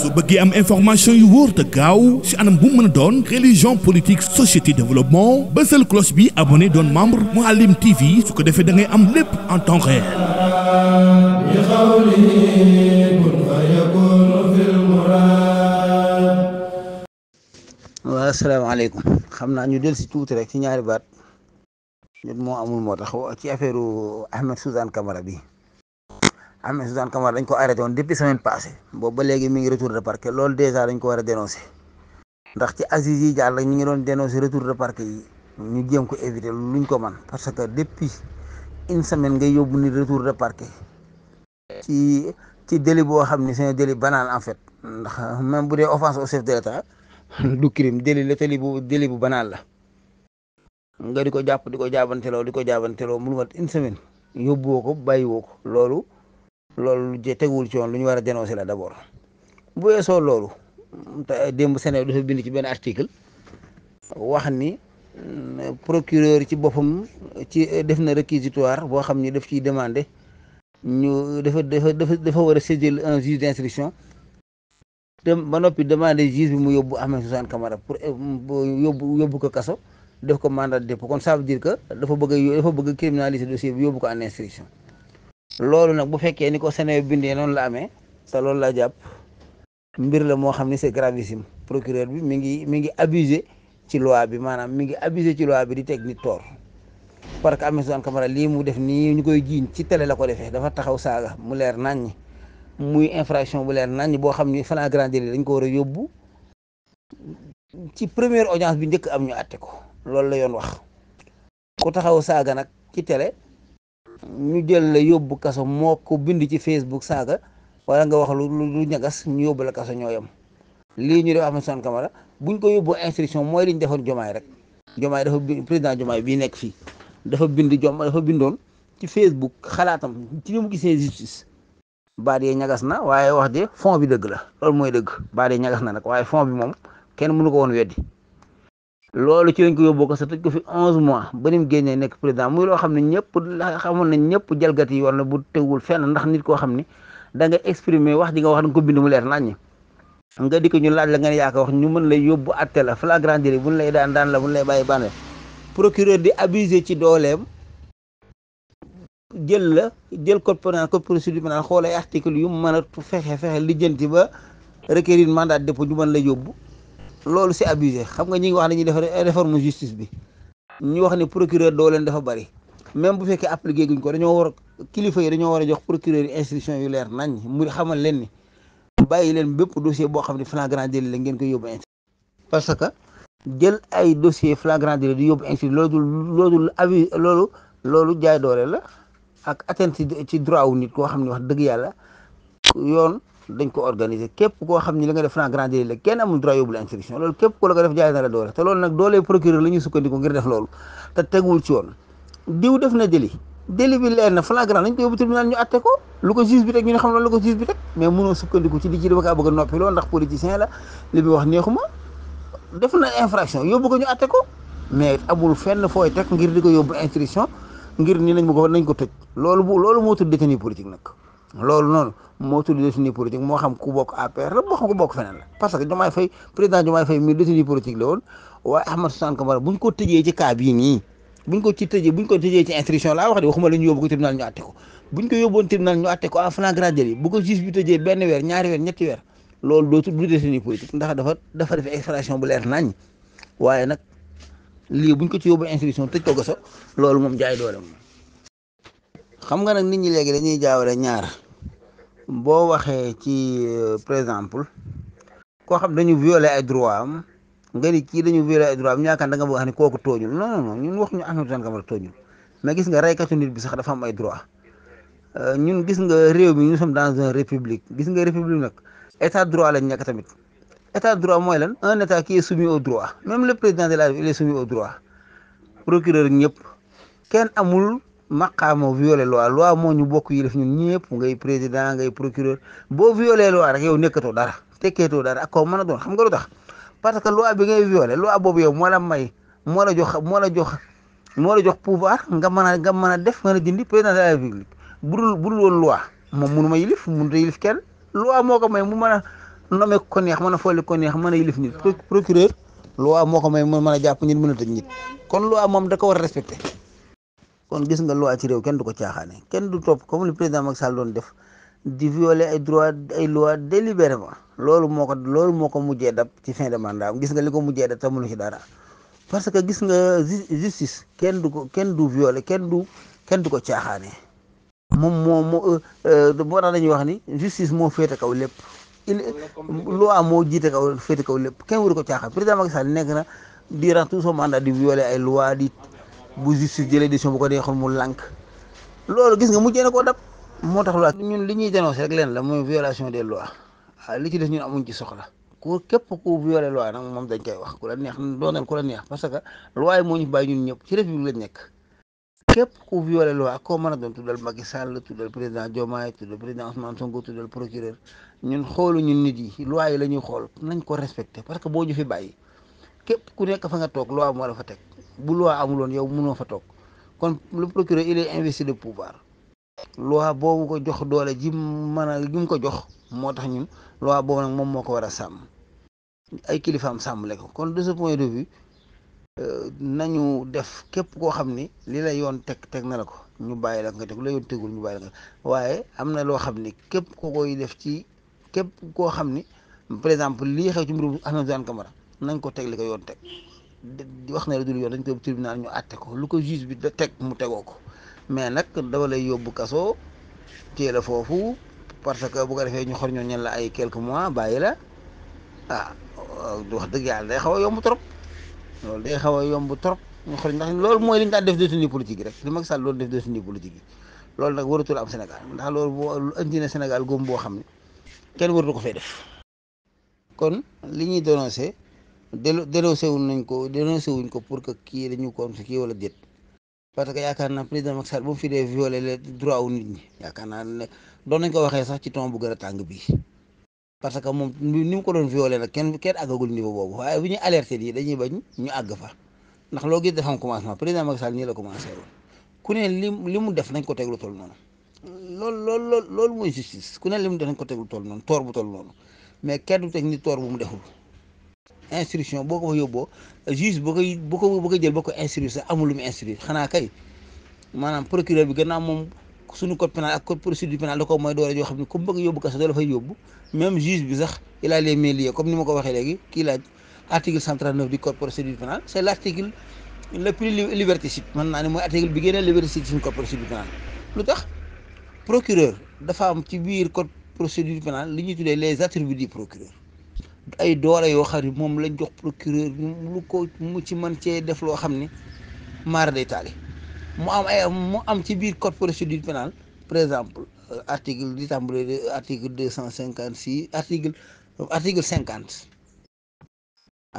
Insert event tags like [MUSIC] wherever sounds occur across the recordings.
su bëggee am information yu wóor te gaaw si anam bu mën a doon religion politique société développement bësal cloche bi abonné doon membre Mouhalim TV su ko defee dangay am lépp en temps réel. waaw asalaamaaleykum xam naa ñu del si tuuti rek si ñaari baat. jot moo amul moo tax ci affaire Ahmed Suzanne Camara bi Ahmed Suzanne Camara dañ ko arrêté woon depuis semaine passée boobu ba léegi mi ngi retour de parquet loolu dèjà dañ ko a dénoncé ndax ci assises yi jàll ñu ngi doon dénoncé retour de parquet yi ñu jéem ko éviter luñ ko man parce que depuis une semaine nga yóbbu ni retour de parquet ci ci délit boo xam ne c'est un délit banal en fait ndax même bu dee offense au chef de [LAUGHS] du crime délit la bu délit bu banal la. nga di ko jàpp di ko jaabanteloo di ko jaabanteloo mu mat une semaine yóbbuwoo ko bàyyiwoo ko loolu loolu teguwul ci yoon lu ñu war a dénoncer la d' abord bu weesoo loolu te démb Sénégal dafa bind ci benn article wax ni mm, procureur ci boppam ci def na réquisitoire boo xam ni daf ci demande ñu dafa dafa dafa dafa war a saisir un juge d' te ba noppi demande juge bi mu yóbbu Ahmed Suzanne Camara pour eh, yóbbu yóbbu ko kaso def ko mandat de dépôt kon ça veut que dafa bëgg dafa bëgg criminaliser dossier bi yóbbu ko en instruction loolu nag bu fekkee ni ko Sénégal bindee noonu la amee te loolu laa jàpp mbir la moo xam ne c'est gravissime procureur bi mi ngi mi ngi abusé ci loi bi maanaam mi ngi abusé ci loi bi di teg nit tort parce que Ameth Suzanne Camara lii mu def nii ñu koy jiiñ ci télé la ko defee dafa taxaw saaga mu leer naññ muy infraction bu leer naññ boo xam ni flagrant délit dañ ko war a yóbbu ci première audience bi njëkk am ñu àtte ko. loolu la yoon wax ku taxaw saaga nag ci télé ñu jël la yóbbu kaso moo ko bind ci Facebook saaga waaye nga wax lu lu ñagas ñu yóbbu la kaso ñoo lii ñu def Ahmed Suzanne bu buñ ko yóbbu instruction mooy liñ defoon jomaay rek jomaay dafa président jomaay bii nekk fii dafa bind jom dafa bindoon ci Facebook xalaatam ci li mu gisee justice baat yee ñagas na waaye wax de fond bi dëgg la loolu mooy dëgg baat yee ñagas na nag waaye fond bi moom kenn mënu ko woon weddi loolu ci lañ ko yóbbu ko sa tëj ko fi onze mois ba ni mu génnee nekk président muy loo xam ne ñëpp xamoon nañ ñëpp jalgati yoon la bu teewul fenn ndax nit koo xam ne da nga exprimer wax di nga wax da nga ko bind mu leer nañ ñi nga dikk ko ñu laaj la nga ne yaa wax ñu mën lay yóbbu atte la flagrant délit bu ñu lay daan daan la bu ñu lay bàyyi bànne procureur di abuser ci dooleem jël la jël code pénal code procédure pénale xoolay article yu mën a fexe fexe lijjanti ba requérir mandat de dépôt ñu mën la yóbbu loolu si abusé xam nga ñi ngi wax ne ñuy def réforme justice bi ñu wax ne procureur doo leen dafa bari même bu fekkee appliqué guñ ko dañoo war kilifa yi dañoo war a jox procureur yi yu leer nañ mu xamal leen ni bàyyi leen bépp dossier boo xam ne flagrant délit la ngeen koy yóbbu instruction parce que jël ay dossier flagrant délit di yóbbu instruction loolu loolu avis loolu loolu jaay doole la ak atteinte ci droit wu nit koo xam ne wax dëgg yàlla yoon dañ ko organiser képp koo xam ni li nga def franc grand délit kenn amul droit yóbbu la loolu képp ku la ko def jaay na la doole te loolu nag doolee procureur la ñuy sukkandiku ngir def loolu te teguwul ci yoon diw def na délit délit bi leer na flagrant lañ ko yóbbu tribunal ñu atte ko lu ko juge a noppi loolu ndax politicien la li bi wax neexuma def na infraction yóbbu ko ñu atte ko mais amul fenn fooy teg ngir di ko yóbbu instruction ngir nii nañ ma ko nañ ko tëj loolu loolu moo tudd détenu politique loolu noonu moo tudd détenu politique moo xam ku bokk APR la moo xam ku bokk feneen la parce que Diomaye Faye président Diomaye Faye mi détenu politique la woon waaye Ahmadou Suzanne Camara buñ ko tëjee ci cas bii nii buñ ko ci tëjee buñ ko tëjee ci instruction laa wax de waxuma la ñu yóbbu ko tribunal ñu àtte ko buñ ko yóbboon tribunal ñu àtte ko en flagrant délit bu ko juge bi tëjee benn weer ñaari weer ñetti weer loolu dootul du détenu politique ndax dafa dafa def extraction bu leer nañ waaye nag lii buñ ko ci yóbbu instruction tëj ko goso loolu moom jaay doole xam nga nag nit ñi léegi dañuy jaawale ñaar boo waxee ci euh, par exemple koo xam dañu violé ay droit am nga ni kii dañu violé ay droit am ñu yaakaar da nga bëgg a xam ne kooku tooñul non non ñun waxuñu Ahmed Suzanne Camara tooñul mais gis nga reykatu bi sax dafa am ay droit euh, ñun gis nga réew mi nous sommes dans une république gis nga république nag état droit lañ nekk tamit état droit mooy lan un état qui est soumis au droit même le président de la République il est au droit procureur ñëpp kenn amul. maqaama violé loi loi moo ñu bokk yilif ñun ñëpp ngay président ngay procureur boo violé loi rek yow nekkatoo dara tekkeetoo dara ak koo mën a doon xam nga lu tax parce que loi bi ngay violé loi boobu yow moo may moo la jox moo la jox moo la jox pouvoir nga mën a mën a def nga dindi président de la république budul budul woon loi moom mënu ma yilif mënut a yilif kenn loi moo ko may mu mën a nommé ko neex mën a folli ko neex mën a yilif nit procureur moo ko may mën a jàpp nit mën a tëj kon loi moom da ko war a respecté kon gis nga loi ci réew kenn du ko caaxaane kenn du topp comme le président Macky Sall doon def di violer ay droit ay loi délibérément loolu moo ko loolu moo ko mujjee dab ci fin de mandat gis nga li ko mujjee dab tamulu ci dara parce que gis nga justice kenn du ko kenn du violer kenn du kenn du ko caaxaane moom moo moo euh, euh, moo tax dañuy wax ni justice moo féete kaw lépp il loi moo jiite kaw féete kaw lépp kenn waru ko caaxaan président Macky Sall nekk na durant tout son mandat di violer bu justice jëlee décision bu ko neexoon mu lànk loolu gis nga mujjee na koo dab moo tax loi ñun li ñuy dénoncé rek leen la mooy violation des lois ah, li ci des ñun amuñ ci soxla ku képp ku violé loi nag moom dañ koy wax ku la neex doonal ku la neex parce que loi moo ñu bàyyi ñun ñëpp ci république lañ nekk képp ku violé loi koo mën a doon tuddal Macky Sall tuddal président Diomaye tuddal président Ousmane Sonko tuddal procureur ñun xoolu ñun nit yi loi yi la ñuy xool nañ ko respecté parce que boo ñu fi bàyyi képp ku nekk fa nga toog loi moo la fa teg bu loi amuloon yow mënoo fa toog kon le procureur il est investi de pouvoir loi boobu ko jox doole jim mën a gi ko jox moo tax ñun loi boobu nag moom moo ko war a sàmm ay kilifaam sàmmle ko kon des ce point de vue euh, nañu def képp koo xam ni li la yoon teg teg na la ko ñu bàyyi la nga teg la yoon tegul ñu bàyyi la nga am na loo xam ni képp ko koy def ci képp koo xam ni par exemple lii ci mbirum Ahmed Zane Camara nañ ko teg li ko yoon teg di wax ne la dul yoon dañ koy tribunal ñu àtte ko lu ko juge bi da teg mu tegoo ko mais nag dafa lay yóbbu kaso téye foofu parce que bu ko defee ñu xor ñoo ñen la ay quelques mois bàyyi la ah euh, wax dëgg yàlla day xaw a yomb trop loolu day xaw a yomb trop ñu xor ndax loolu mooy li ñu daan def détenu politique yi rek li Macky Sall loolu def détenu politique yi loolu nag waratul am Sénégal ndax loolu boo indi na Sénégal góom boo xam ne kenn waratu ko fay def kon li ñuy dénoncé delo dénoncé wuñ nañ ko dénoncé wuñ ko pour que kii dañu ko am kii wala déet parce que yaakaar naa président Macky Sall bu mu fi dee violé les droits nit ñi yaakaar naa ne doon nañ ko waxee sax ci ton bu gën a tàng bii parce que moom ni mu ko doon violé nag kenn kenn àggagul niveau boobu waaye bu ñu alerté yi dañuy bañ ñu àgg fa ndax loo gis dafa am commencement président Macky Sall nii la commencé ku ne li li mu def nañ ko teg lu toll noonu loolu loolu loolu loolu mooy justice ku ne li mu def nañ ko teg lu toll noonu toor mais kenn du teg ni toor bu mu deful instruction boo ko fa yóbboo juge boo koy boo ko boo ko instruire amul mu instruire xanaa kay maanaam procureur bi gannaaw moom suñu code pénal ak code procédure pénale da ko mooy ne ku bëgg yóbbu kaso doo la fay yóbbu même juge bi sax ni ma ko waxee léegi kii laaj article 139 du code procédure pénale c' est l' naa ne mooy article bi gën a liberticide suñu code dafa am ci biir code procédure pénale li ñuy tuddee les attributs du procureur ay doole yoo xam ne moom lañ jox procureur lu ko mu ci man cee def loo xam ne mara day taali mu am ay mu am ci biir code procédure pénale par exemple euh, article di tàmbale article deux cent cinquante six article article cinquante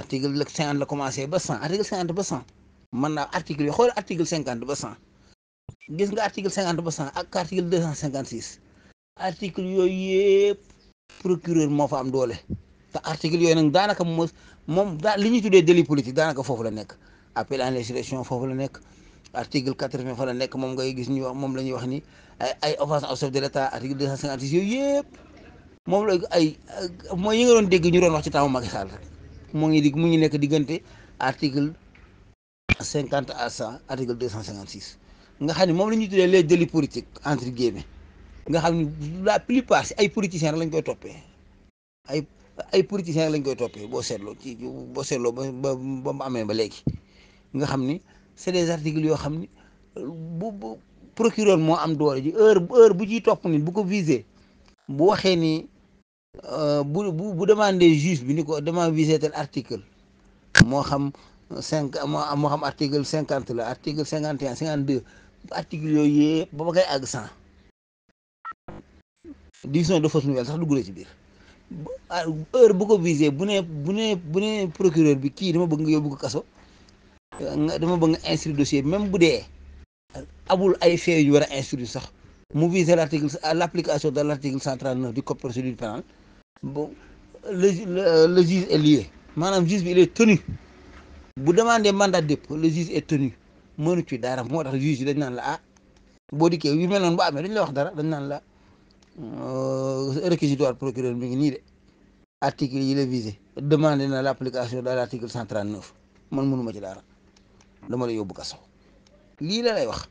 article cinquante la commencé ba cent article cinquante ba cent man naa article yi xool ba cent gis nga article cinquante ba cent ak article deux cent cinquante six article yooyu yëpp procureur moo fa am doole te article yooyu nag daanaka mo moom daa li ñu tuddee délit politique daanaka foofu la nekk appel à l'insurrection foofu la nekk article quatre-vingt fa la nekk moom ngay gis ñu wax moom la ñuy wax ni ay ay offense au chef de moom la ay mooy yi dégg ñu doon wax ci taamu Macky moo ngi dig mu ngi nekk diggante article cinquante à cent article deux cent cinquante-six nga xam ne moom la ñuy tuddee les délits politiques entre guillemets nga xam ne la plupart si ay politiciens rek lañ koy toppee ay politiciens lañ koy toppee boo seetloo ci boo seetloo ba ba ba mu amee ba léegi nga xam ni c'est des articles yoo xam ni bu bu procureur moo am doole ji heure heure bu ciy topp nii bu ko visé bu waxee ni euh, bu bu bu demandé juge bi ni ko dama visé tel article moo xam cinq moo moo xam article cinquante la article cinquante et un cinquante deux article yooyu yëpp ba ba koy àgg cent division de fausse nouvelle sax dugg na ci biir. Ah, heure bu ko visé bu ne bu ne bu ne procureur bi kii dama bëgg nga yóbbu ko kaso dama bëgg nga instruire dossier bi même bu dee amul ay faits yu war a instruire sax mu visé l' article l' application de l' article cent trente neuf du code procédure pénale bon le le juge est lié maanaam juge bi il est tenu bu demandé man daa dépôt le juge est tenu mënu ci dara moo tax juge yi dañ naan la ah boo di dikkee yu mel noonu bu amee dañ la wax dara dañ naan la Euh, réquisitoire procureur bi ngi nii de article yi la visé demande na la application de l' article cent trente neuf man mënuma ci dara dama la yóbbu kaso lii la lay wax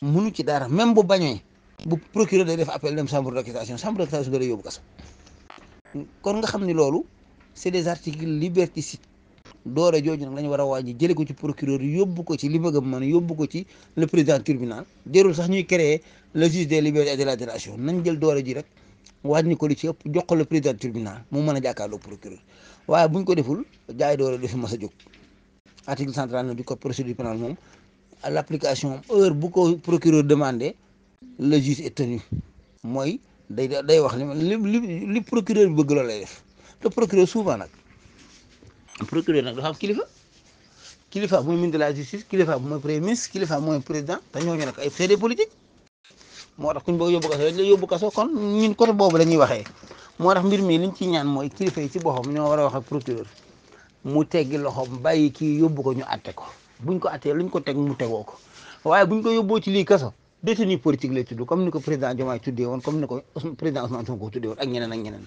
mënu ci dara même bu bañee bu procureur day def appel dem chambre d' accusation chambre d' accusation da yóbbu kaso kon nga xam ni loolu c' est des articles liberticides doore jooju nag la ñu war a wàññi jëlee ko ci procureur yóbbu ko ci li ma gëm man yóbbu ko ci le président tribunal jërul sax ñuy créer le juge des libertés et de la détention nañ jël doole ji rek wàññi ko li ci ëpp jox ko le président tribunal mu mën a jàkkaarloo procureur waaye ko deful jaay doole du fi mas a jóg article 139 du code procédure pénale moom à l' application heure bu ko procureur demandé la juge est mooy day day wax li li li procureur bi bëgg loolu lay def te procureur souvent nag procureur nag dafa kilifa kilifa bu muy de la justice kilifa bu mooy premier ministre kilifa mooy président te ñooñu nag ay prédé politique moo tax kuñ bëgg yóbbu kaso la yóbbu kaso kon ñun côté boobu la ñuy waxee moo tax mbir mi liñ ci ñaan mooy kilifa yi ci boppam ñoo war wax ak mu teggi loxoom bàyyi kii yóbbu ko ñu atte ko buñ ko attee luñ ko teg mu tegoo ko waaye buñ ko yóbboo ci lii kaso détenu politique lay tudd comme ni ko président Diomaye tuddee woon comme ni ko président Ousmane Sonko tuddee woon ak ñeneen ak ñeneen.